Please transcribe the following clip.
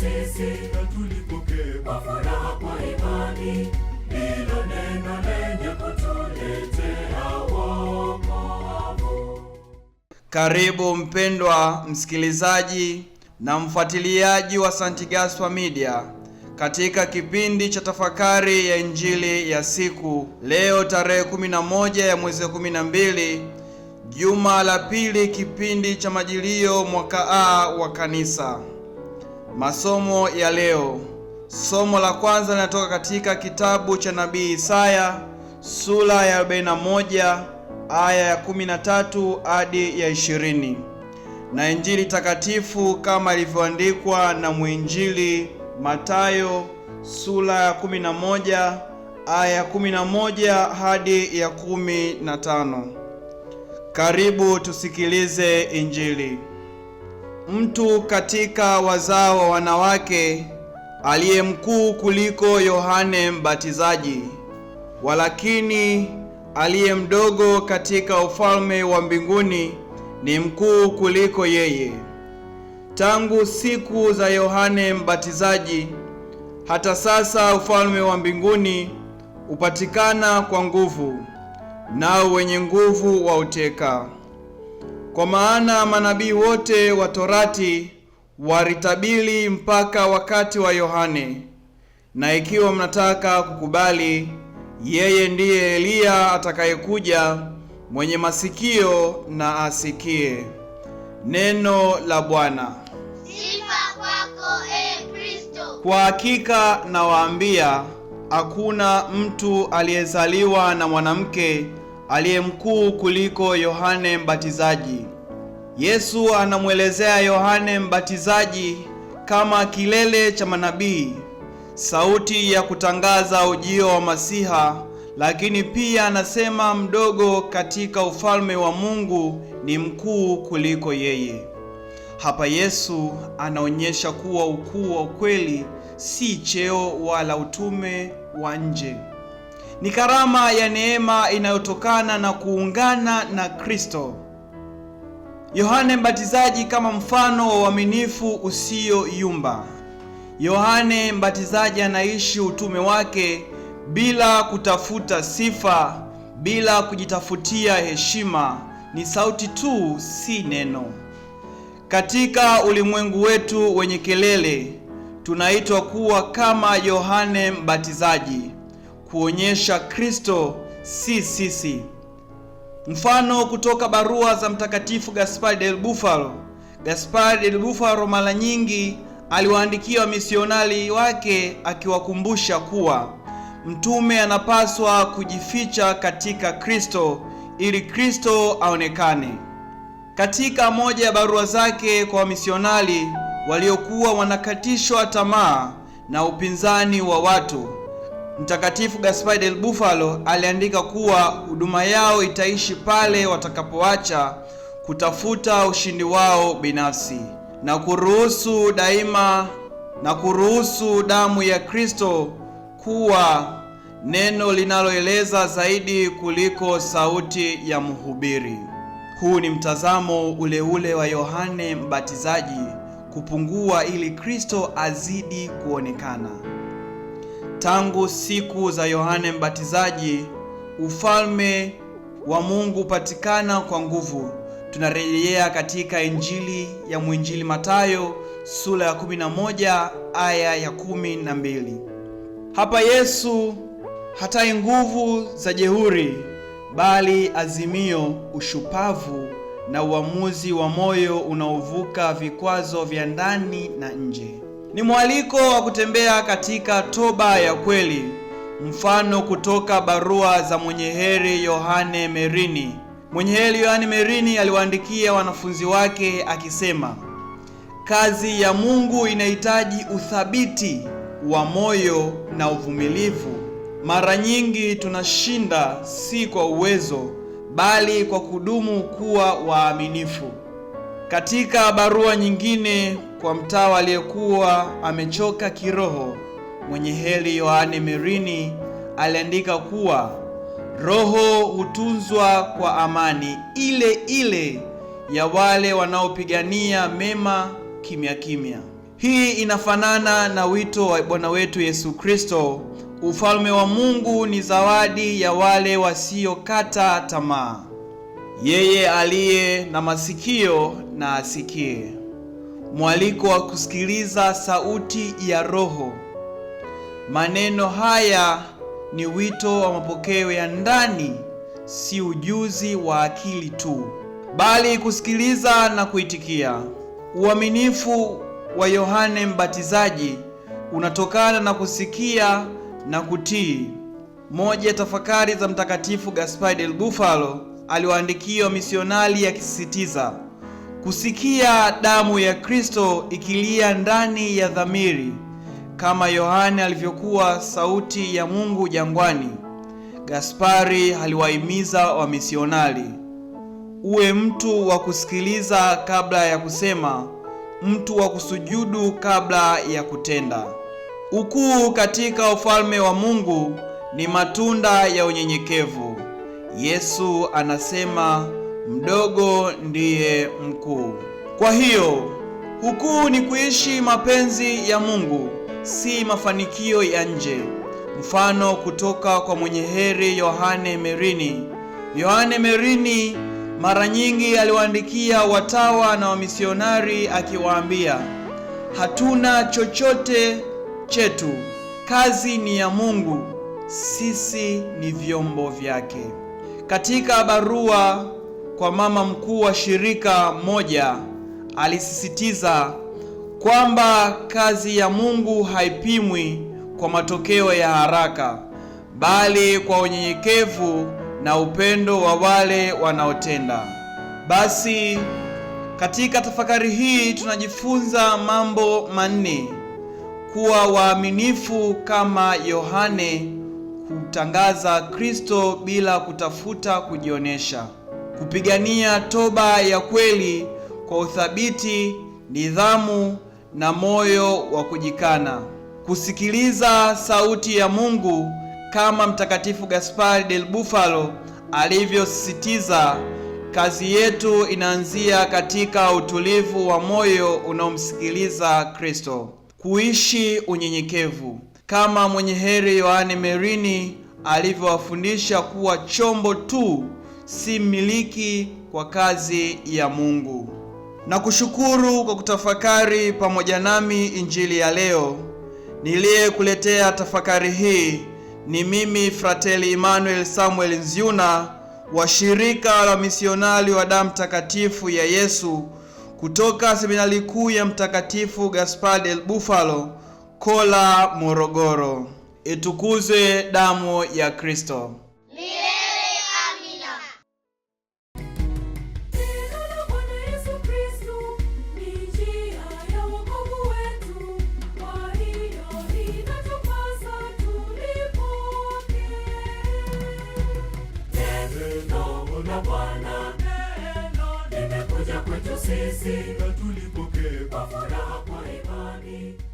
sisi na tulipokee kwa furaha kwa imani hilo neno lenye kutuletea wokovu. Karibu mpendwa msikilizaji na mfuatiliaji wa St. Gaspar Media katika kipindi cha tafakari ya injili ya siku leo tarehe 11 ya mwezi wa 12 juma la pili kipindi cha majilio mwaka A wa kanisa. Masomo ya leo. Somo la kwanza linatoka katika kitabu cha nabii Isaya sura ya 41 aya ya 13 hadi ya ishirini, na Injili takatifu kama ilivyoandikwa na mwinjili Matayo sura ya 11 aya ya 11 hadi ya 15. Karibu tusikilize Injili mtu katika wazao wa wanawake aliye mkuu kuliko Yohane Mbatizaji, walakini aliye mdogo katika ufalme wa mbinguni ni mkuu kuliko yeye. Tangu siku za Yohane Mbatizaji hata sasa ufalme wa mbinguni upatikana kwa nguvu, nao wenye nguvu wauteka. Kwa maana manabii wote wa Torati walitabiri mpaka wakati wa Yohane. Na ikiwa mnataka kukubali, yeye ndiye Eliya atakayekuja, mwenye masikio na asikie. Neno la Bwana. Sifa kwako e Kristo. Kwa hakika nawaambia, hakuna mtu aliyezaliwa na mwanamke aliye mkuu kuliko Yohane Mbatizaji Yesu anamwelezea Yohane Mbatizaji kama kilele cha manabii, sauti ya kutangaza ujio wa Masiha, lakini pia anasema mdogo katika ufalme wa Mungu ni mkuu kuliko yeye. Hapa Yesu anaonyesha kuwa ukuu wa ukweli si cheo wala utume wa nje. Ni karama ya neema inayotokana na kuungana na Kristo. Yohane Mbatizaji kama mfano wa uaminifu yumba. Yohane Mbatizaji anaishi utume wake bila kutafuta sifa, bila kujitafutia heshima. Ni sauti tu, si neno. Katika ulimwengu wetu wenye kelele, tunaitwa kuwa kama Yohane Mbatizaji, kuonyesha Kristo, si sisi. Mfano kutoka barua za Mtakatifu Gaspari del Bufalo. Gaspari del Bufalo mara nyingi aliwaandikia wamisionari wake akiwakumbusha kuwa mtume anapaswa kujificha katika Kristo ili Kristo aonekane. Katika moja ya barua zake kwa wamisionari waliokuwa wanakatishwa tamaa na upinzani wa watu Mtakatifu Gaspar del Bufalo aliandika kuwa huduma yao itaishi pale watakapoacha kutafuta ushindi wao binafsi na kuruhusu daima na kuruhusu damu ya Kristo kuwa neno linaloeleza zaidi kuliko sauti ya mhubiri. Huu ni mtazamo ule ule wa Yohane Mbatizaji, kupungua ili Kristo azidi kuonekana. Tangu siku za Yohane Mbatizaji, ufalme wa Mungu hupatikana kwa nguvu. Tunarejelea katika Injili ya mwinjili Mathayo sura ya 11 aya ya mbili. Hapa Yesu hatai nguvu za jeuri, bali azimio, ushupavu na uamuzi wa moyo unaovuka vikwazo vya ndani na nje. Ni mwaliko wa kutembea katika toba ya kweli, mfano kutoka barua za mwenye heri Yohane Merini. Mwenye heri Yohane Merini aliwaandikia wanafunzi wake akisema, kazi ya Mungu inahitaji uthabiti wa moyo na uvumilivu. Mara nyingi tunashinda si kwa uwezo, bali kwa kudumu kuwa waaminifu. Katika barua nyingine kwa mtawa aliyekuwa amechoka kiroho, mwenye heri Yohane merini aliandika kuwa roho hutunzwa kwa amani ile ile ya wale wanaopigania mema kimya kimya. Hii inafanana na wito wa Bwana wetu Yesu Kristo, ufalme wa Mungu ni zawadi ya wale wasiokata tamaa. Yeye aliye na masikio na asikie mwaliko wa kusikiliza sauti ya Roho. Maneno haya ni wito wa mapokeo ya ndani, si ujuzi wa akili tu, bali kusikiliza na kuitikia. Uaminifu wa Yohane Mbatizaji unatokana na kusikia na kutii. Moja ya tafakari za Mtakatifu Gaspar del Bufalo aliwaandikia wamisionari akisisitiza Kusikia damu ya Kristo ikilia ndani ya dhamiri kama Yohane alivyokuwa sauti ya Mungu jangwani. Gaspari aliwahimiza wamisionari, uwe mtu wa kusikiliza kabla ya kusema, mtu wa kusujudu kabla ya kutenda. Ukuu katika ufalme wa Mungu ni matunda ya unyenyekevu. Yesu anasema mdogo ndiye mkuu. Kwa hiyo ukuu ni kuishi mapenzi ya Mungu, si mafanikio ya nje. Mfano kutoka kwa mwenye heri Yohane Merini. Yohane Merini mara nyingi aliwaandikia watawa na wamisionari akiwaambia, hatuna chochote chetu, kazi ni ya Mungu, sisi ni vyombo vyake. Katika barua kwa mama mkuu wa shirika moja alisisitiza kwamba kazi ya Mungu haipimwi kwa matokeo ya haraka, bali kwa unyenyekevu na upendo wa wale wanaotenda. Basi katika tafakari hii tunajifunza mambo manne: kuwa waaminifu kama Yohane, kutangaza Kristo bila kutafuta kujionyesha kupigania toba ya kweli kwa uthabiti, nidhamu na moyo wa kujikana, kusikiliza sauti ya Mungu kama Mtakatifu Gaspari del Bufalo alivyosisitiza. Kazi yetu inaanzia katika utulivu wa moyo unaomsikiliza Kristo, kuishi unyenyekevu kama mwenye heri Yohane Merini alivyowafundisha kuwa chombo tu si mmiliki kwa kazi ya Mungu. Na kushukuru kwa kutafakari pamoja nami injili ya leo. Niliyekuletea tafakari hii ni mimi Frateli Emmanuel Samuel Nziuna wa shirika la misionari wa damu takatifu ya Yesu kutoka seminari kuu ya Mtakatifu Gaspar del Bufalo, Kola, Morogoro. Itukuzwe damu ya Kristo! la Bwana limekuja kwetu sisi na tulipokee kwa furaha kwa imani.